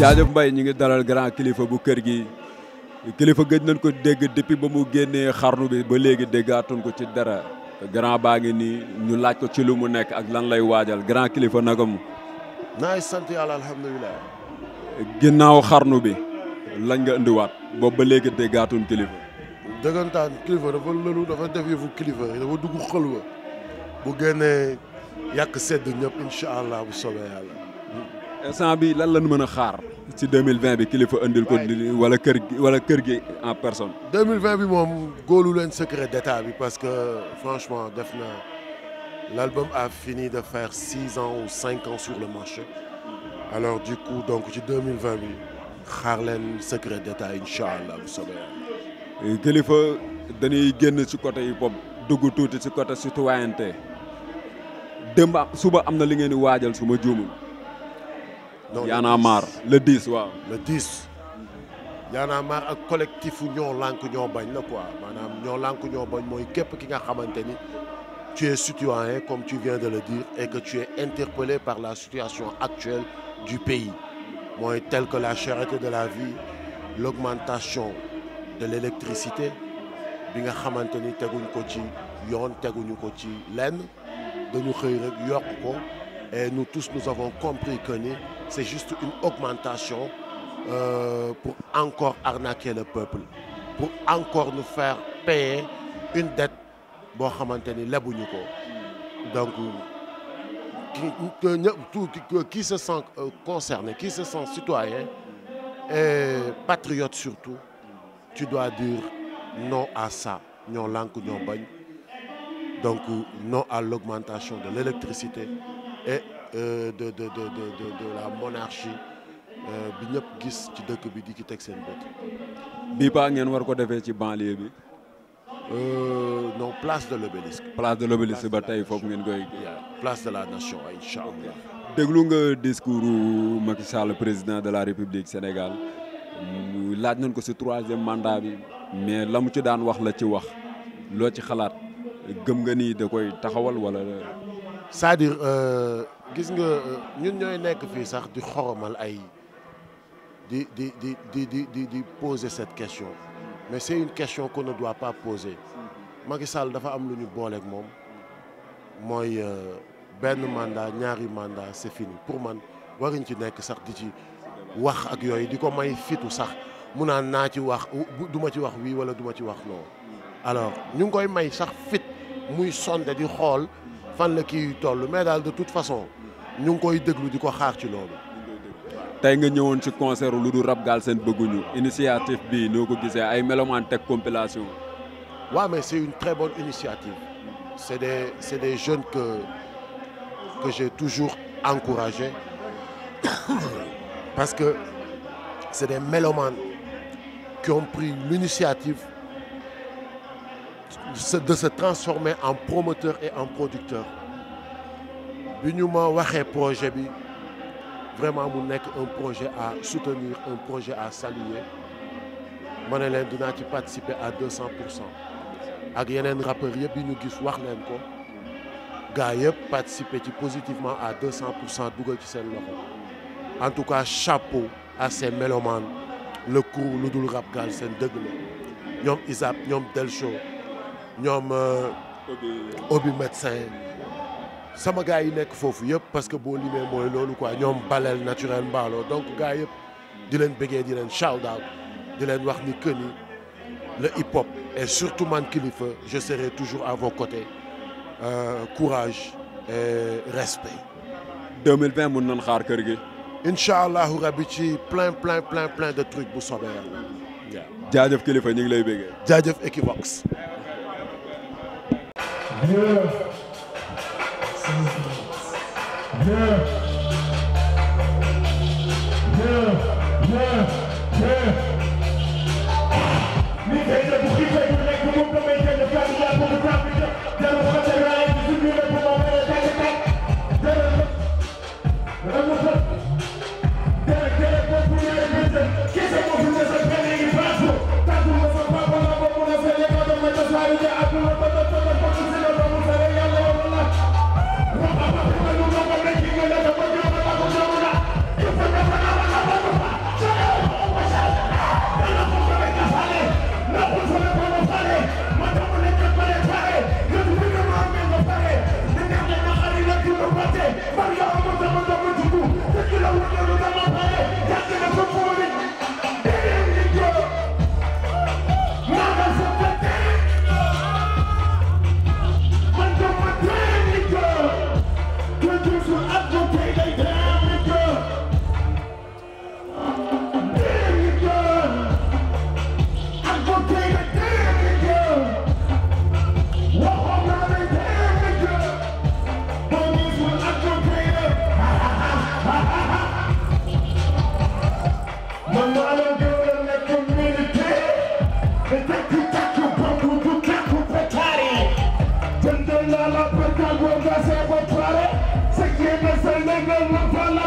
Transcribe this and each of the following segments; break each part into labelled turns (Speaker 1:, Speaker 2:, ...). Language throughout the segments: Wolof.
Speaker 1: jaajëf Mbaye ñu ngi dalal grand kilifa bu kër gi kilifa gëj nañ ko dégg depuis ba mu génnee xarnu bi ba léegi déggaatuñ ko ci dara grand baa ngi nii ñu laaj ko ci lu mu nekk ak lan lay waajal grand kilifa nagamu
Speaker 2: naay sant yàlla alhamdulilah.
Speaker 1: ginnaaw xarnu bi lañ nga indiwaat boobu ba léegi déggaatuñ kilifa.
Speaker 2: dëggantaan kilifa dafa lëlu dafa def yëfu kilifa dafa dugg xalwa bu génnee yàq sedd ñëpp incha allah bu soobee yàlla. instant bi lan lañ mën a xaar.
Speaker 1: ci 2020 bi kilifa andil ko wala kër gi wala kër gi en personne
Speaker 2: 2020 bi moom góolu leen secret d'état bi parce que franchement def na l'album a fini de faire six ans ou cinq ans sur le marché alors du coup donc ci 2020 bi xaar leen secret d'état incha allah bu soobee kilifa dañuy génn si côté yi bopp
Speaker 1: dugg tuuti ci côté citoyenneté démb suba am na li ngeen di waajal suma ma non Y en a le 10 waaw. le 10
Speaker 2: Y en a marre ak collectif ñoo lànk ñoo bañ la quoi maanaam ñoo lànk ñoo bañ mooy képp ki nga xamante ni tu es citoyen comme tu viens de le dire et que tu es interpellé par la situation actuelle du pays mooy tel que la cherté de la vie l'augmentation de l'électricité bi nga xamante ni teguñ ko ci yoon teguñu ko ci lenn dañu xëy rek yokk ko et nous tous nous avons compris que ni. c'est juste une augmentation euh, pour encore arnaquer le peuple pour encore nous faire payer une dette boo xamante ni lebuñu ko donc qui qui se sent euh, concerné qui se sent citoyen et patriote surtout tu dois dire non à ça ñoo lànk ñoo bañ donc non à l'augmentation de l'électricité et Euh, de de de de de la monarchie euh, bi ñëpp gis ci dëkk bi di ci teg seen bët. bii baa ngeen war ko defee ci banlieue bi. Euh, non place de l'obélisque. place de l'obélisque ba tey foofu ngeen koy. place de la nation incha allah.
Speaker 1: déglu nga discours Macky Sall président de la république Sénégal laaj nañ ko si troisième mandat bi mais la mu ci daan wax la ci wax loo ci xalaat
Speaker 2: gëm nga nii da koy taxawal wala. cest à gis nga euh, ñun ñooy nekk fii sax di xoromal ay di di di di di di di poser cette question mais c'est une question qu'on ne doit pas poser Macky Sall dafa am lu ñu booleek moom mooy euh, benn mandat ñaari mandat c'est fini pour man waruñ ci nekk sax di ci wax ak yooyu di ko may fitu sax mu naan naa ci wax duma ci wax wii wala duma ci wax non alors ñu ngi koy may sax fit muy sonde di xool fan la kii yu toll mais daal de toute façon ñu ngi koy déglu di ko xaar ci loolu.
Speaker 1: tey nga ñëwoon ci concert lu du rap Galsen bëgguñu initiative
Speaker 2: bi noo ko gisee ay melomaan teg compilation. waaw mais c'est une très bonne initiative. c'est des c'est des jeunes que que toujours encouragé parce que c'est des melomaan qui ont pris l'initiative de se transformer en promoteur et en producteur. bi ñu ma waxee projet bi vraiment mu nekk un projet à soutenir un projet à saluer ma leen dinaa ci participer à deux cent pour cent ak yeneen rappeurs yëpp yi ñu gis wax leen ko gars yëpp participer ci positivement à deux cent pour cent dugal ci seen loxo en tout cas chapeau à ces mélomanes le crew lu dul rap Galsen dëgg la ñoom ISAP ñoom Delcho ñoom euh, Obi médecin sama gars yi nekk foofu yëpp parce que boo limee mooy loolu quoi ñoom baleel naturel mbaalo donc gars yëpp di leen bëggee di leen shout out leen wax ni que le hip hop et surtout man kilifa je serai toujours à vos côtés euh, courage et respect. 2020 mun nañ xaar kër gi. incha allahu rabi ci plein plein plein plein de trucs bu soobee yàlla.
Speaker 3: waaw
Speaker 1: jaajëf Kilifeu ñu ngi lay bëggee. jaajëf Equivox.
Speaker 3: Yeah.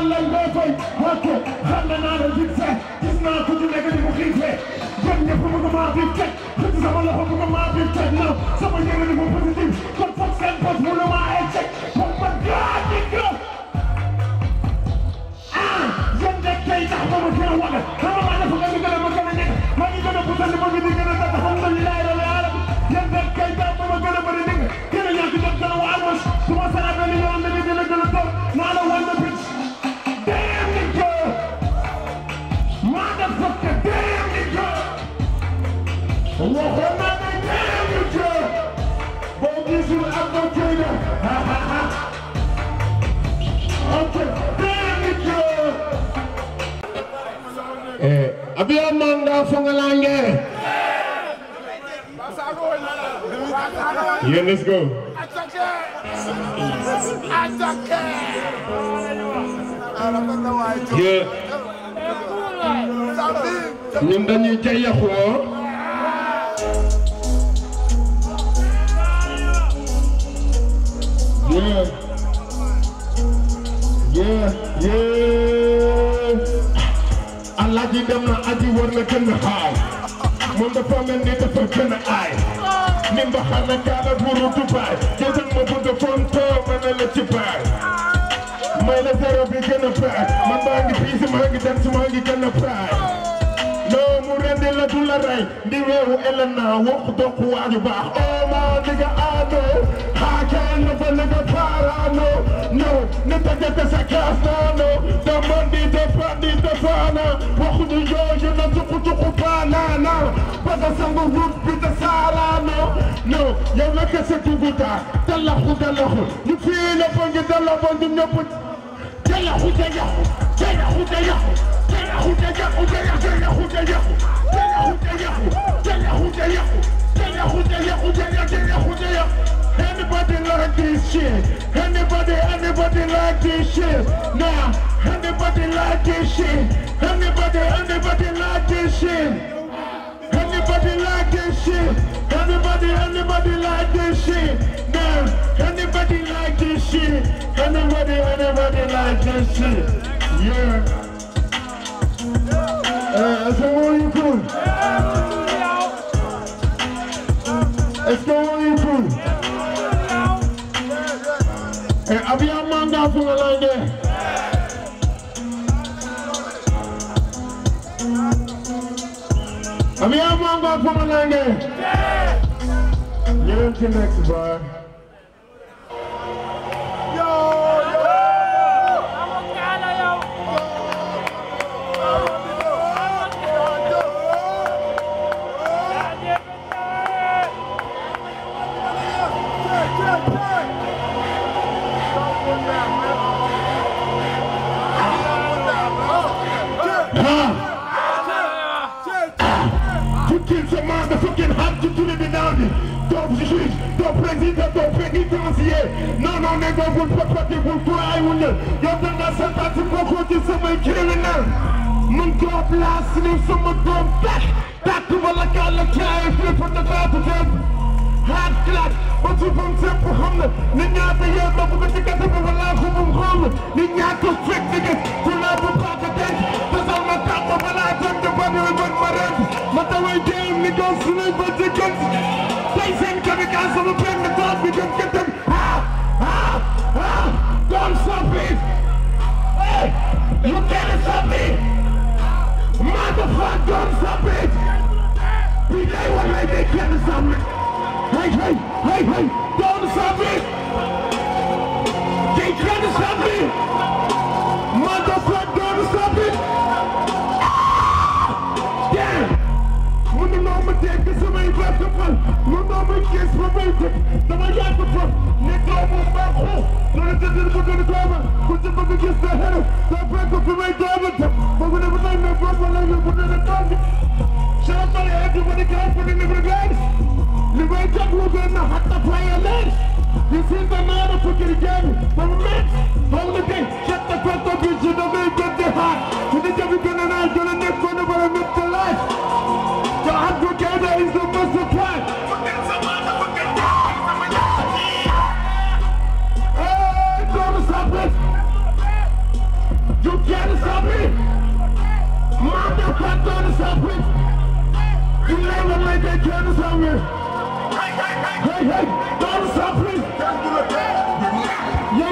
Speaker 3: lay doo koy ok xam na naa la vite fait gis naa ku ci nekk di ko xiifee jëm ñëpp mu ko maa biir teg xëcc sama loxo mu ko maa biir teg na sama yëngu ni mu positif kon foog seen bos mu la maa ay teg pour ma gaa di gëm ah yéen de tey tax ma ma gën a waga Eh, abiyo manga fungalange yeah let's go yeah ñun dañuy jayaxu woo oh. Yeah, yeah, yeah. la dem na aji war na gën a xaay moom dafa mel dafa gën a ne la ci baay may la zéro bi gën a baay man maa ngi piisi maa ngi dem si maa ngi a baay loo mu rendi la du la rey ndi weewu elen naa wax dox waaju baax oo oh, maa ni nga aadoo xaakeen la fa ni nga paaraanoo no ni tajate sa kaas naanoo ba sangu wut bi te saalaanoo ñëw yow naka sa tugutaa dalaxu dalaxu ñu fii la ba ngi dala ba ñu ñëpp dalaxu dalaxu dalaxu dalaxu dalaxu dalaxu dalaxu dalaxu dalaxu dalaxu dalaxu Anybody like this shit? Anybody, anybody like this shit? Nah, anybody like this shit? Anybody, anybody like this shit? anybody like this shit? Anybody, anybody like this shit? Now, anybody like this shit? Anybody, anybody like this shit? Yeah. Uh, I said, what are you Pamalange. Yeah. You're in the next bar. ci samay criminel mën koo place ni sama doom tax tàkk wala kàlla caay flipa dakaatu feeb haat clash ba ci fam sépp xam na ni ñaata yow ba bu ko ci kasa bi wala ko mum xool ni ñaata fekk nga ku laa bu paaka denc tasal ma tàmm balaa dem di ban wi ban ma ren ma taway jéem ni doon su nañ ba ci gën tey seen kamikaas sama benn doom bi gën ka dem Sandwich. Hey, hey, hey, hey, down the sandwich. They can't stop me. Motherfucker, down the sandwich. Yeah. When the normal dick is a main vegetable, when the normal kiss for basic, then I got the fuck. Nick Lobo, back home. Then I did it with the driver. Put the fuck against the header. That back up the main driver. But whenever I'm in the front, I'm in the front of the target. So somebody, everybody clap for the immigrants. You wake up, we're going to have to play a match. You see the man of fucking game. The match, hold the game. Shut the front of you, you know, make it the heart. You think you're going to You understand me? ñi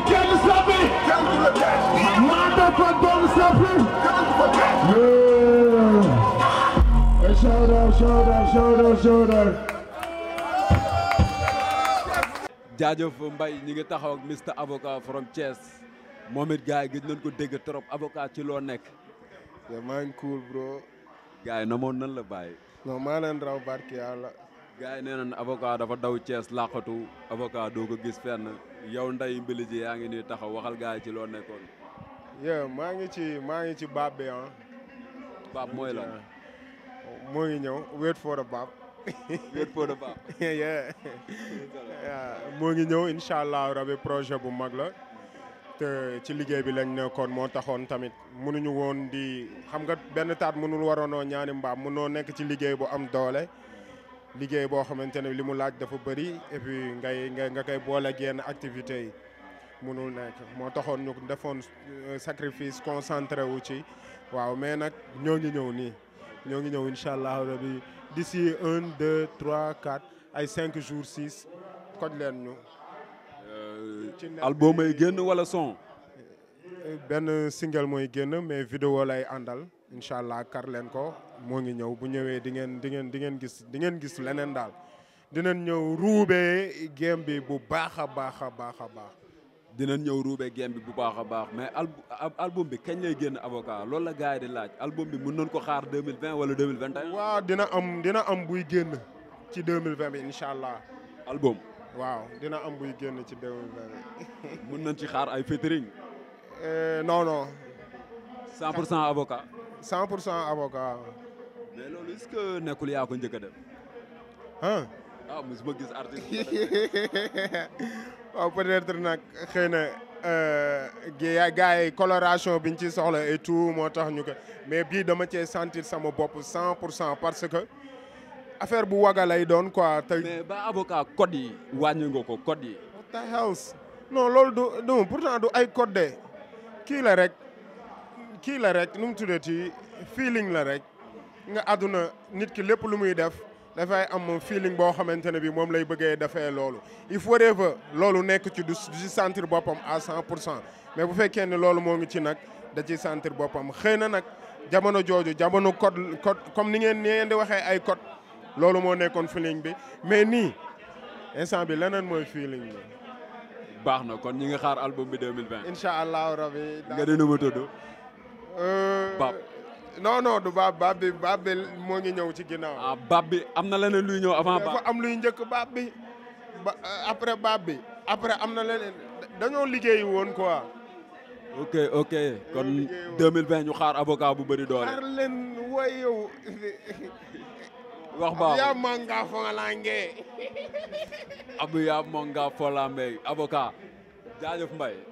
Speaker 1: ngi taxaw ak Mr Avocat from Thiès moom it gars yi ko dégg trop avocat ci loo nekk.
Speaker 4: te na ngi cool bro.
Speaker 1: nan la bàyyi.
Speaker 4: non maa leen raw barki yàlla.
Speaker 1: gars yi nee dafa daw Thiès làqatu avocat doo ko gis fenn yow nday mbili yaa ngi nii taxaw waxal gars yi ci loo nekkoon.
Speaker 4: yow maa ngi ci maa ngi ci baab bi ah. baab mooy la moo ngi ñëw wait for the baab. wait for the baab. moo ngi ñëw incha allah projet bu mag la. ci liggéey bi lañ nekkoon moo taxoon tamit mënuñu woon di xam nga benn taat mënul waroonoo ñaani mbaam munoo nekk ci liggéey bu am doole liggéey boo xamante ne li mu laaj dafa bëri et ngay nga nga koy boole yenn activités yi mënul nekk moo taxoon ñu defoon euh, sacrifice concentré wu ci waaw mais nag ñoo ngi ñëw nii ñoo ngi ñëw incha allah di d'ici un deux trois quatre ay cinq jours six koj leen ñu album ay génn wala son. benn single mooy génn mais vidéo lay àndal incha allah kar leen ko moo ngi ñëw bu ñëwee di ngeen di ngeen di ngeen gis di ngeen gis leneen daal dinañ ñëw ruubee game bi bu baax a baax a baax a baax. dinañ ñëw ruubee game bu baax a baax mais album
Speaker 1: bi kañ lay génn avocat loolu la gars yi di laaj album bi mën nañ ko xaar 2020 wala 2021. waaw dina
Speaker 4: am dina am buy génn ci 2020 bi incha allah. album. waaw dina am buy génn ci BMW.
Speaker 1: mën nañ ci xaar ay featuring.
Speaker 4: Eh, non non. 100 cent avocat. 100 pour cent avocat. mais loolu est nekkul yaa ko njëkk a def. Ah,
Speaker 1: gis artiste.
Speaker 4: waaw peut-être nag xëy na gars euh, gars yi coloration biñ ci soxla et tout moo tax ñu ko mais bii dama cee sentir sama bopp 100 pour cent parce que. affaire bu waga lay doon quoi tey. mais
Speaker 1: ba avocat code yi wàññi nga ko code yi.
Speaker 4: what the hell non loolu du du pourtant du ay code de kii la rek kii la rek nu mu tuddati feeling la rek nga àdduna nit ki lépp lu muy def dafay am feeling boo xamante ne bi moom lay bëggee defee loolu il faut que loolu nekk ci du si sentir boppam à cent pour cent mais bu fekkee ne loolu moo ngi ci nag da ci sentir boppam xëy na nag jamono jooju jamono code code comme ni ngeen ni ngeen di waxee ay code loolu moo nekkoon feeling bi mais nii instant bi leneen mooy feeling bi.
Speaker 1: baax na kon ñi nga xaar album bi 2020.
Speaker 4: incha allahu rabi. nga dina ma tudd. Euh, Bab. non non du Bab Bab bi moo ngi ñëw ci ginnaaw. ah bi am na leneen luy ñëw avant. Bab dafa am luy njëkk Bab bi ba euh, après Bab bi après am na leneen dañoo liggéey woon quoi.
Speaker 1: ok ok kon 2020 ñu xaar avocat bu bëri doole. xaar
Speaker 4: leen woy yow.
Speaker 1: wax baaxul Abouya Manga
Speaker 3: Folange.
Speaker 1: Abouya Manga Folange avocat jaajëf Mbaye.